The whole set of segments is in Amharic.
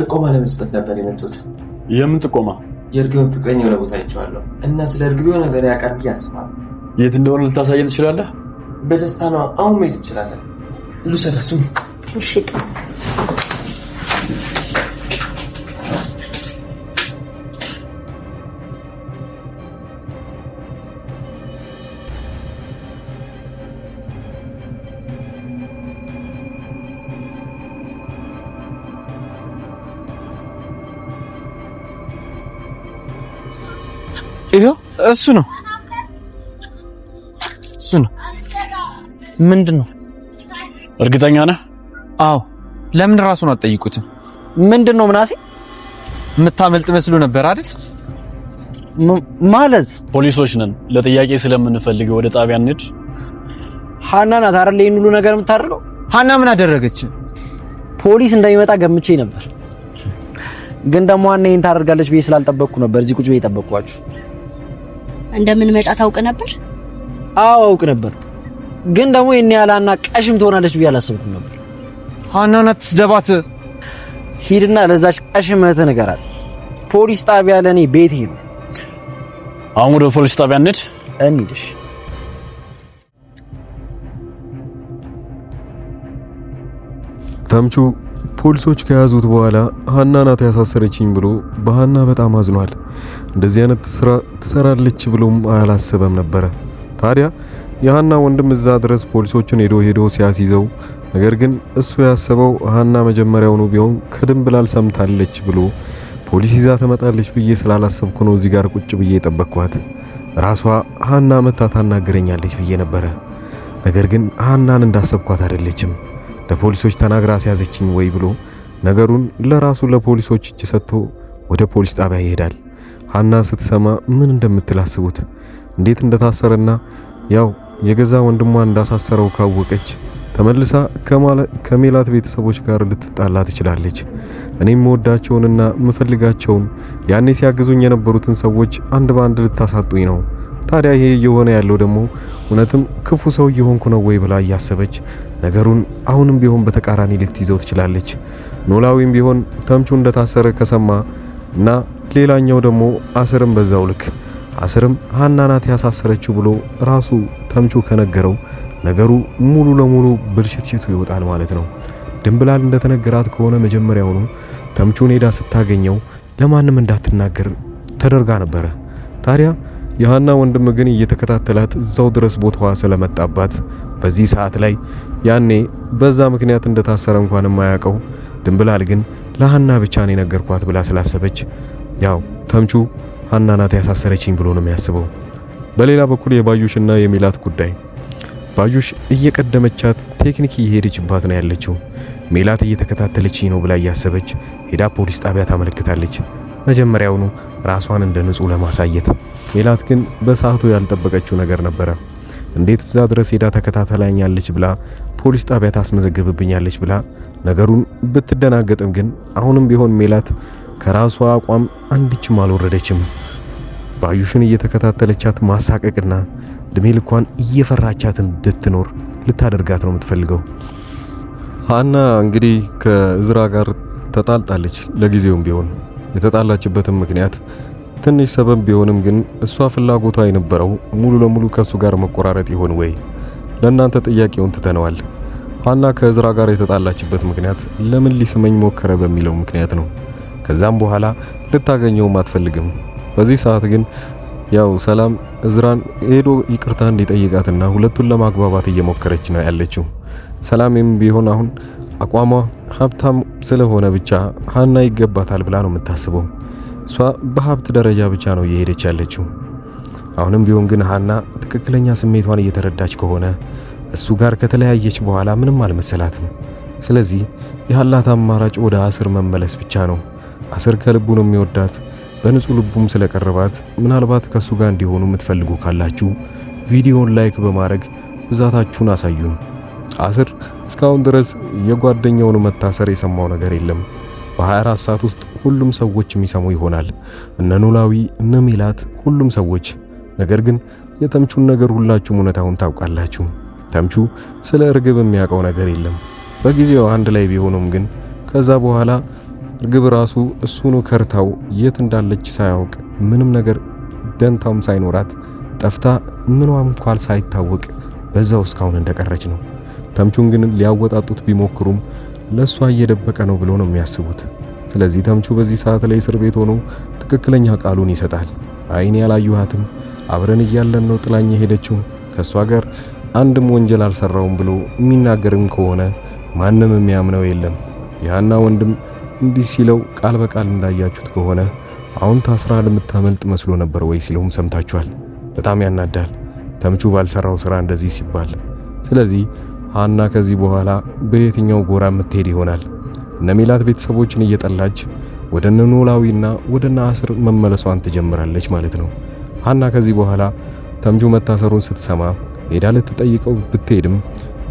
ጥቆማ ለመስጠት ነበር የመጡት። የምን ጥቆማ? የእርግብን ፍቅረኛ የሆነ ቦታ አይቼዋለሁ እና ስለ እርግብ የሆነ ነገር ያውቃል ብዬ አስባለሁ። የት እንደሆነ ልታሳየን ትችላለህ? በደስታ ነው። አሁን መሄድ ትችላለን። ልውሰዳችሁ? እሺ። ይሄው እሱ ነው እሱ ነው። ምንድን ነው? እርግጠኛ ነህ? አዎ። ለምን ራሱን አትጠይቁትም? ምንድን ነው ምናሴ? የምታመልጥ መስሎ ነበር አይደል? ማለት ፖሊሶች ነን፣ ለጥያቄ ስለምንፈልግ ወደ ጣቢያ እንሂድ። ሀና ናት አይደል ይሄን ሁሉ ነገር የምታደርገው? ሀና ምን አደረገች? ፖሊስ እንደሚመጣ ገምቼ ነበር፣ ግን ደግሞ ሀና ይሄን ታደርጋለች ብዬ ስላልጠበቅኩ ነበር እዚህ ቁጭ ብዬ የጠበቅኳችሁ። እንደምንመጣ ታውቅ ነበር? አዎ አውቅ ነበር፣ ግን ደግሞ ይሄን ያላና ቀሽም ትሆናለች ብዬ አላሰብኩም ነበር። ሃናን አትስደባት። ሂድና ለዛች ቀሽም እህትህ ንገራት። ፖሊስ ጣቢያ ለኔ ቤቴ ነው። አሁን ወደ ፖሊስ ጣቢያ እንሂድ። እንሂድሽ ተምቹ ፖሊሶች ከያዙት በኋላ ሀና ናት ያሳሰረችኝ ብሎ በሀና በጣም አዝኗል። እንደዚህ አይነት ስራ ትሰራለች ብሎም አላሰበም ነበረ። ታዲያ የሀና ወንድም እዛ ድረስ ፖሊሶቹን ሄዶ ሄዶ ሲያስይዘው፣ ነገር ግን እሱ ያሰበው ሀና መጀመሪያውኑ ቢሆን ከድንብላል ሰምታለች ብሎ ፖሊስ ይዛ ትመጣለች ብዬ ስላላሰብኩ ነው እዚህ ጋር ቁጭ ብዬ የጠበቅኳት። ራሷ ሀና መታ ታናግረኛለች ብዬ ነበረ። ነገር ግን ሀናን እንዳሰብኳት አይደለችም። ለፖሊሶች ተናግራ ሲያዘችኝ ወይ ብሎ ነገሩን ለራሱ ለፖሊሶች እጅ ሰጥቶ ወደ ፖሊስ ጣቢያ ይሄዳል። ሀና ስትሰማ ምን እንደምትል አስቡት። እንዴት እንደታሰረና ያው የገዛ ወንድሟ እንዳሳሰረው ካወቀች ተመልሳ ከሜላት ቤተሰቦች ጋር ልትጣላ ትችላለች። እኔም መወዳቸውንና ምፈልጋቸውን ያኔ ሲያግዙኝ የነበሩትን ሰዎች አንድ በአንድ ልታሳጡኝ ነው ታዲያ ይሄ እየሆነ ያለው ደግሞ እውነትም ክፉ ሰው እየሆንኩ ነው ወይ ብላ እያሰበች ነገሩን አሁንም ቢሆን በተቃራኒ ልትይዘው ትችላለች። ኖላዊም ቢሆን ተምቹ እንደታሰረ ከሰማ እና ሌላኛው ደግሞ አስርም በዛው ልክ አስርም ሀና ናት ያሳሰረችው ብሎ ራሱ ተምቹ ከነገረው ነገሩ ሙሉ ለሙሉ ብልሽትሽቱ ይወጣል ማለት ነው። ድንብላል እንደተነገራት ከሆነ መጀመሪያውኑ ተምቹን ሄዳ ስታገኘው ለማንም እንዳትናገር ተደርጋ ነበረ ታዲያ የሃና ወንድም ግን እየተከታተላት እዛው ድረስ ቦታዋ ስለመጣባት በዚህ ሰዓት ላይ ያኔ በዛ ምክንያት እንደታሰረ እንኳን የማያውቀው ድንብላል ግን ለሃና ብቻ ነው የነገርኳት ብላ ስላሰበች ያው ተምቹ ሀና ናት ያሳሰረችኝ ብሎ ነው የሚያስበው። በሌላ በኩል የባዩሽና የሚላት ጉዳይ ባዩሽ እየቀደመቻት ቴክኒክ እየሄደችባት ነው ያለችው። ሜላት እየተከታተለችኝ ነው ብላ እያሰበች ሄዳ ፖሊስ ጣቢያ ታመለክታለች። መጀመሪያውኑ ራሷን እንደ ንጹህ ለማሳየት። ሜላት ግን በሰዓቱ ያልጠበቀችው ነገር ነበረ። እንዴት እዛ ድረስ ሄዳ ተከታተላኛለች ብላ ፖሊስ ጣቢያ ታስመዘግብብኛለች ብላ ነገሩን ብትደናገጥም ግን አሁንም ቢሆን ሜላት ከራሷ አቋም አንድችም አልወረደችም። ባዩሽን እየተከታተለቻት ማሳቀቅና እድሜ ልኳን እየፈራቻት እንድትኖር ልታደርጋት ነው የምትፈልገው። ሀና እንግዲህ ከእዝራ ጋር ተጣልጣለች ለጊዜውም ቢሆን የተጣላችበትም ምክንያት ትንሽ ሰበብ ቢሆንም ግን እሷ ፍላጎቷ የነበረው ሙሉ ለሙሉ ከእሱ ጋር መቆራረጥ ይሆን ወይ? ለእናንተ ጥያቄውን ትተነዋል። ሀና ከእዝራ ጋር የተጣላችበት ምክንያት ለምን ሊስመኝ ሞከረ በሚለው ምክንያት ነው። ከዛም በኋላ ልታገኘውም አትፈልግም። በዚህ ሰዓት ግን ያው ሰላም እዝራን ሄዶ ይቅርታ እንዲጠይቃትና ሁለቱን ለማግባባት እየሞከረች ነው ያለችው። ሰላምም ቢሆን አሁን አቋሟ ሀብታም ስለሆነ ብቻ ሀና ይገባታል ብላ ነው የምታስበው። እሷ በሀብት ደረጃ ብቻ ነው እየሄደች ያለችው። አሁንም ቢሆን ግን ሀና ትክክለኛ ስሜቷን እየተረዳች ከሆነ እሱ ጋር ከተለያየች በኋላ ምንም አልመሰላትም። ስለዚህ ያላት አማራጭ ወደ አስር መመለስ ብቻ ነው። አስር ከልቡ ነው የሚወዳት። በንጹህ ልቡም ስለቀረባት ምናልባት ከእሱ ጋር እንዲሆኑ የምትፈልጉ ካላችሁ ቪዲዮውን ላይክ በማድረግ ብዛታችሁን አሳዩን። አስር እስካሁን ድረስ የጓደኛውን መታሰር የሰማው ነገር የለም። በ24 ሰዓት ውስጥ ሁሉም ሰዎች የሚሰሙ ይሆናል። እነ ኖላዊ፣ እነ ሜላት፣ ሁሉም ሰዎች። ነገር ግን የተምቹን ነገር ሁላችሁም እውነታውን ታውቃላችሁ። ተምቹ ስለ እርግብ የሚያውቀው ነገር የለም። በጊዜው አንድ ላይ ቢሆኑም ግን ከዛ በኋላ እርግብ ራሱ እሱኑ ከርታው የት እንዳለች ሳያውቅ ምንም ነገር ደንታውም ሳይኖራት ጠፍታ ምንም እንኳን ሳይታወቅ በዛው እስካሁን እንደቀረች ነው። ተምቹን ግን ሊያወጣጡት ቢሞክሩም ለሷ እየደበቀ ነው ብሎ ነው የሚያስቡት። ስለዚህ ተምቹ በዚህ ሰዓት ላይ እስር ቤት ሆኖ ትክክለኛ ቃሉን ይሰጣል። አይኔ ያላዩሃትም፣ አብረን እያለን ነው ጥላኝ የሄደችው፣ ከእሷ ጋር አንድም ወንጀል አልሰራውም ብሎ የሚናገርም ከሆነ ማንም የሚያምነው የለም። የሃና ወንድም እንዲህ ሲለው ቃል በቃል እንዳያችሁት ከሆነ አሁን ታስራ ለምታመልጥ መስሎ ነበር ወይ ሲለውም ሰምታችኋል። በጣም ያናዳል ተምቹ ባልሰራው ስራ እንደዚህ ሲባል። ስለዚህ ሀና ከዚህ በኋላ በየትኛው ጎራ የምትሄድ ይሆናል? እነ ሜላት ቤተሰቦችን እየጠላች ወደ እነ ኖላዊና ወደ እነ አስር መመለሷን ትጀምራለች ማለት ነው። ሀና ከዚህ በኋላ ተምቹ መታሰሩን ስትሰማ ሄዳ ልትጠይቀው ብትሄድም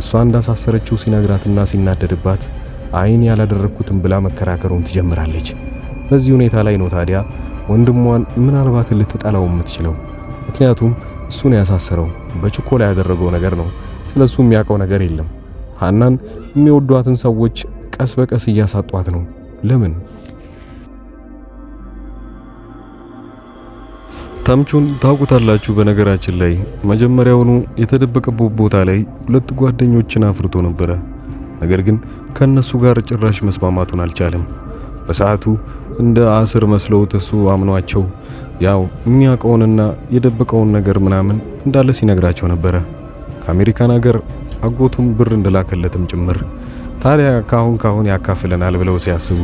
እሷ እንዳሳሰረችው ሲነግራትና ሲናደድባት አይን ያላደረግኩትም ብላ መከራከሩን ትጀምራለች። በዚህ ሁኔታ ላይ ነው ታዲያ ወንድሟን ምናልባት ልትጠላው የምትችለው። ምክንያቱም እሱን ያሳሰረው በችኮላ ያደረገው ነገር ነው። ስለሱ የሚያውቀው ነገር የለም። ሐናን የሚወዷትን ሰዎች ቀስ በቀስ እያሳጧት ነው። ለምን? ታምቹን ታውቁታላችሁ። በነገራችን ላይ መጀመሪያውኑ የተደበቀበት ቦታ ላይ ሁለት ጓደኞችን አፍርቶ ነበረ። ነገር ግን ከነሱ ጋር ጭራሽ መስማማቱን አልቻለም። በሰዓቱ እንደ አስር መስለውት እሱ አምኗቸው ያው የሚያውቀውንና የደበቀውን ነገር ምናምን እንዳለ ሲነግራቸው ነበረ። ከአሜሪካን ሀገር አጎቱም ብር እንደላከለትም ጭምር። ታዲያ ካሁን ካሁን ያካፍለናል ብለው ሲያስቡ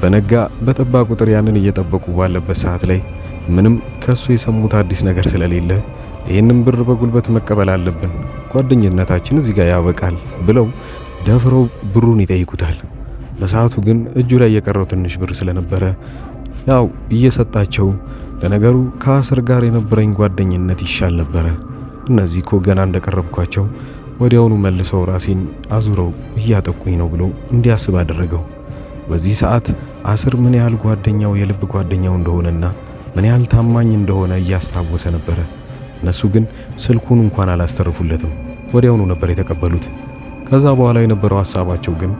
በነጋ በጠባ ቁጥር ያንን እየጠበቁ ባለበት ሰዓት ላይ ምንም ከሱ የሰሙት አዲስ ነገር ስለሌለ ይህንም ብር በጉልበት መቀበል አለብን፣ ጓደኝነታችን እዚህ ጋር ያበቃል ብለው ደፍረው ብሩን ይጠይቁታል። በሰዓቱ ግን እጁ ላይ የቀረው ትንሽ ብር ስለነበረ ያው እየሰጣቸው ለነገሩ ከአስር ጋር የነበረኝ ጓደኝነት ይሻል ነበረ እነዚህ እኮ ገና እንደቀረብኳቸው ወዲያውኑ መልሰው ራሴን አዙረው እያጠቁኝ ነው ብሎ እንዲያስብ አደረገው። በዚህ ሰዓት አስር ምን ያህል ጓደኛው የልብ ጓደኛው እንደሆነና ምን ያህል ታማኝ እንደሆነ እያስታወሰ ነበረ። እነሱ ግን ስልኩን እንኳን አላስተርፉለትም፣ ወዲያውኑ ነበር የተቀበሉት። ከዛ በኋላ የነበረው ሀሳባቸው ግን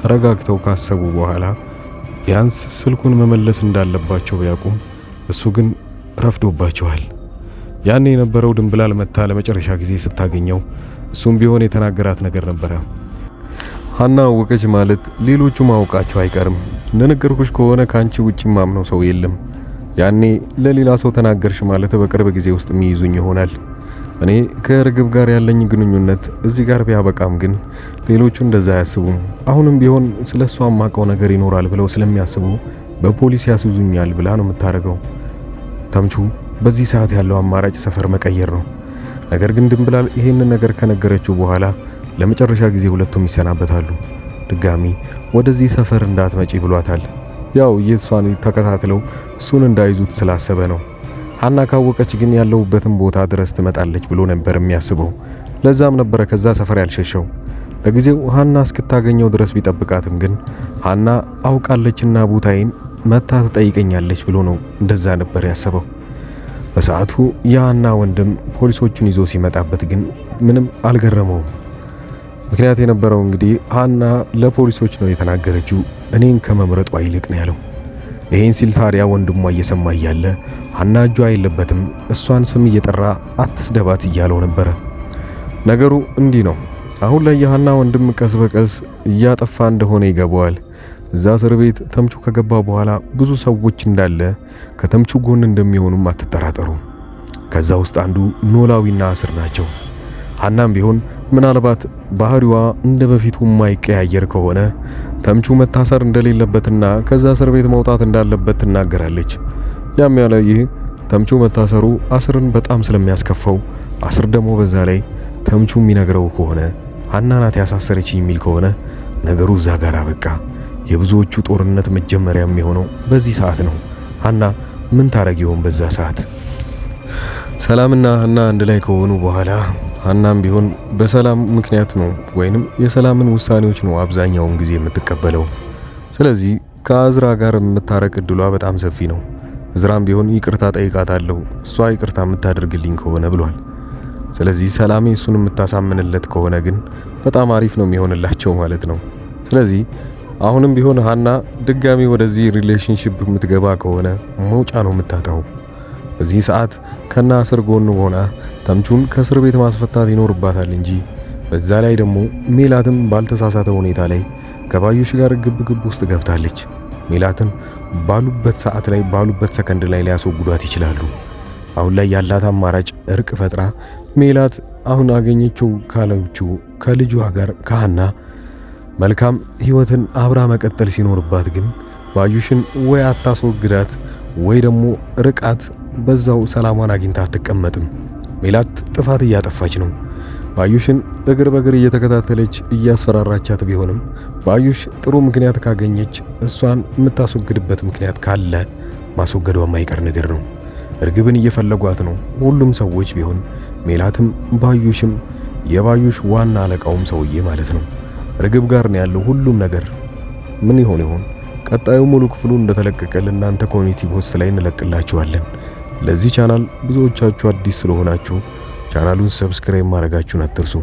ተረጋግተው ካሰቡ በኋላ ቢያንስ ስልኩን መመለስ እንዳለባቸው ቢያውቁም እሱ ግን ረፍዶባቸዋል። ያኔ የነበረው ድንብላል መታ ለመጨረሻ ጊዜ ስታገኘው እሱም ቢሆን የተናገራት ነገር ነበረ። ሀና አወቀች ማለት ሌሎቹ ማወቃቸው አይቀርም። እንደነገርኩሽ ከሆነ ከአንቺ ውጪ ማምነው ሰው የለም። ያኔ ለሌላ ሰው ተናገርሽ ማለት በቅርብ ጊዜ ውስጥ የሚይዙኝ ይሆናል። እኔ ከርግብ ጋር ያለኝ ግንኙነት እዚህ ጋር ቢያበቃም ግን ሌሎቹ እንደዛ አያስቡም። አሁንም ቢሆን ስለ እሷ የማውቀው ነገር ይኖራል ብለው ስለሚያስቡ በፖሊስ ያስዙኛል ብላ ነው የምታደርገው ተምቹ በዚህ ሰዓት ያለው አማራጭ ሰፈር መቀየር ነው። ነገር ግን ድንብላል ይህንን ነገር ከነገረችው በኋላ ለመጨረሻ ጊዜ ሁለቱም ይሰናበታሉ። ድጋሚ ወደዚህ ሰፈር እንዳትመጪ ብሏታል። ያው የእሷን ተከታትለው እሱን እንዳይዙት ስላሰበ ነው። ሀና ካወቀች ግን ያለውበትን ቦታ ድረስ ትመጣለች ብሎ ነበር የሚያስበው። ለዛም ነበረ ከዛ ሰፈር ያልሸሸው። ለጊዜው ሀና እስክታገኘው ድረስ ቢጠብቃትም ግን ሀና አውቃለችና ቦታዬን መታ ትጠይቀኛለች ብሎ ነው እንደዛ ነበር ያሰበው። በሰዓቱ ያና ወንድም ፖሊሶቹን ይዞ ሲመጣበት ግን ምንም አልገረመውም። ምክንያት የነበረው እንግዲህ ሀና ለፖሊሶች ነው የተናገረችው፣ እኔን ከመምረጧ ይልቅ ነው ያለው። ይህን ሲል ታዲያ ወንድሟ እየሰማ እያለ ሀና እጇ የለበትም፣ እሷን ስም እየጠራ አትስደባት እያለው ነበረ። ነገሩ እንዲህ ነው። አሁን ላይ የሀና ወንድም ቀስ በቀስ እያጠፋ እንደሆነ ይገባዋል። እዛ እስር ቤት ተምቹ ከገባ በኋላ ብዙ ሰዎች እንዳለ ከተምቹ ጎን እንደሚሆኑም አትጠራጠሩ። ከዛ ውስጥ አንዱ ኖላዊና አስር ናቸው። ሀናም ቢሆን ምናልባት ባህሪዋ እንደ በፊቱ የማይቀያየር ከሆነ ተምቹ መታሰር እንደሌለበትና ከዛ እስር ቤት መውጣት እንዳለበት ትናገራለች። ያም ያለ ይህ ተምቹ መታሰሩ አስርን በጣም ስለሚያስከፈው አስር ደግሞ በዛ ላይ ተምቹ የሚነግረው ከሆነ ሀና ናት ያሳሰረችኝ የሚል ከሆነ ነገሩ እዛ ጋር አበቃ። የብዙዎቹ ጦርነት መጀመሪያ የሚሆነው በዚህ ሰዓት ነው። ሀና ምን ታረግ ይሆን በዛ ሰዓት? ሰላምና ሀና አንድ ላይ ከሆኑ በኋላ ሀናም ቢሆን በሰላም ምክንያት ነው ወይንም የሰላምን ውሳኔዎች ነው አብዛኛውን ጊዜ የምትቀበለው። ስለዚህ ከአዝራ ጋር የምታረቅ እድሏ በጣም ሰፊ ነው። እዝራም ቢሆን ይቅርታ ጠይቃታለሁ እሷ ይቅርታ የምታደርግልኝ ከሆነ ብሏል። ስለዚህ ሰላሜ እሱን የምታሳምንለት ከሆነ ግን በጣም አሪፍ ነው የሚሆንላቸው ማለት ነው። ስለዚህ አሁንም ቢሆን ሃና ድጋሚ ወደዚህ ሪሌሽንሽፕ የምትገባ ከሆነ መውጫ ነው የምታጣው። በዚህ ሰዓት ከና እስር ጎን ሆና ተምቹን ከእስር ቤት ማስፈታት ይኖርባታል እንጂ በዛ ላይ ደግሞ ሜላትም ባልተሳሳተ ሁኔታ ላይ ከባዩሽ ጋር ግብግብ ውስጥ ገብታለች። ሜላትን ባሉበት ሰዓት ላይ ባሉበት ሰከንድ ላይ ሊያስወግዷት ይችላሉ። አሁን ላይ ያላት አማራጭ እርቅ ፈጥራ ሜላት አሁን አገኘችው ካለችው ከልጇ ጋር ከሃና መልካም ህይወትን አብራ መቀጠል ሲኖርባት ግን ባዩሽን ወይ አታስወግዳት ወይ ደግሞ ርቃት በዛው ሰላሟን አግኝታ አትቀመጥም። ሜላት ጥፋት እያጠፋች ነው። ባዩሽን እግር በእግር እየተከታተለች እያስፈራራቻት ቢሆንም ባዩሽ ጥሩ ምክንያት ካገኘች እሷን የምታስወግድበት ምክንያት ካለ ማስወገዷ የማይቀር ነገር ነው። እርግብን እየፈለጓት ነው ሁሉም ሰዎች ቢሆን ሜላትም ባዩሽም የባዩሽ ዋና አለቃውም ሰውዬ ማለት ነው። ርግብ ጋር ነው ያለው ሁሉም ነገር። ምን ይሆን ይሆን? ቀጣዩ ሙሉ ክፍሉ እንደተለቀቀ ለእናንተ ኮሚኒቲ ፖስት ላይ እንለቅላችኋለን። ለዚህ ቻናል ብዙዎቻችሁ አዲስ ስለሆናችሁ ቻናሉን ሰብስክራይብ ማድረጋችሁን አትርሱ።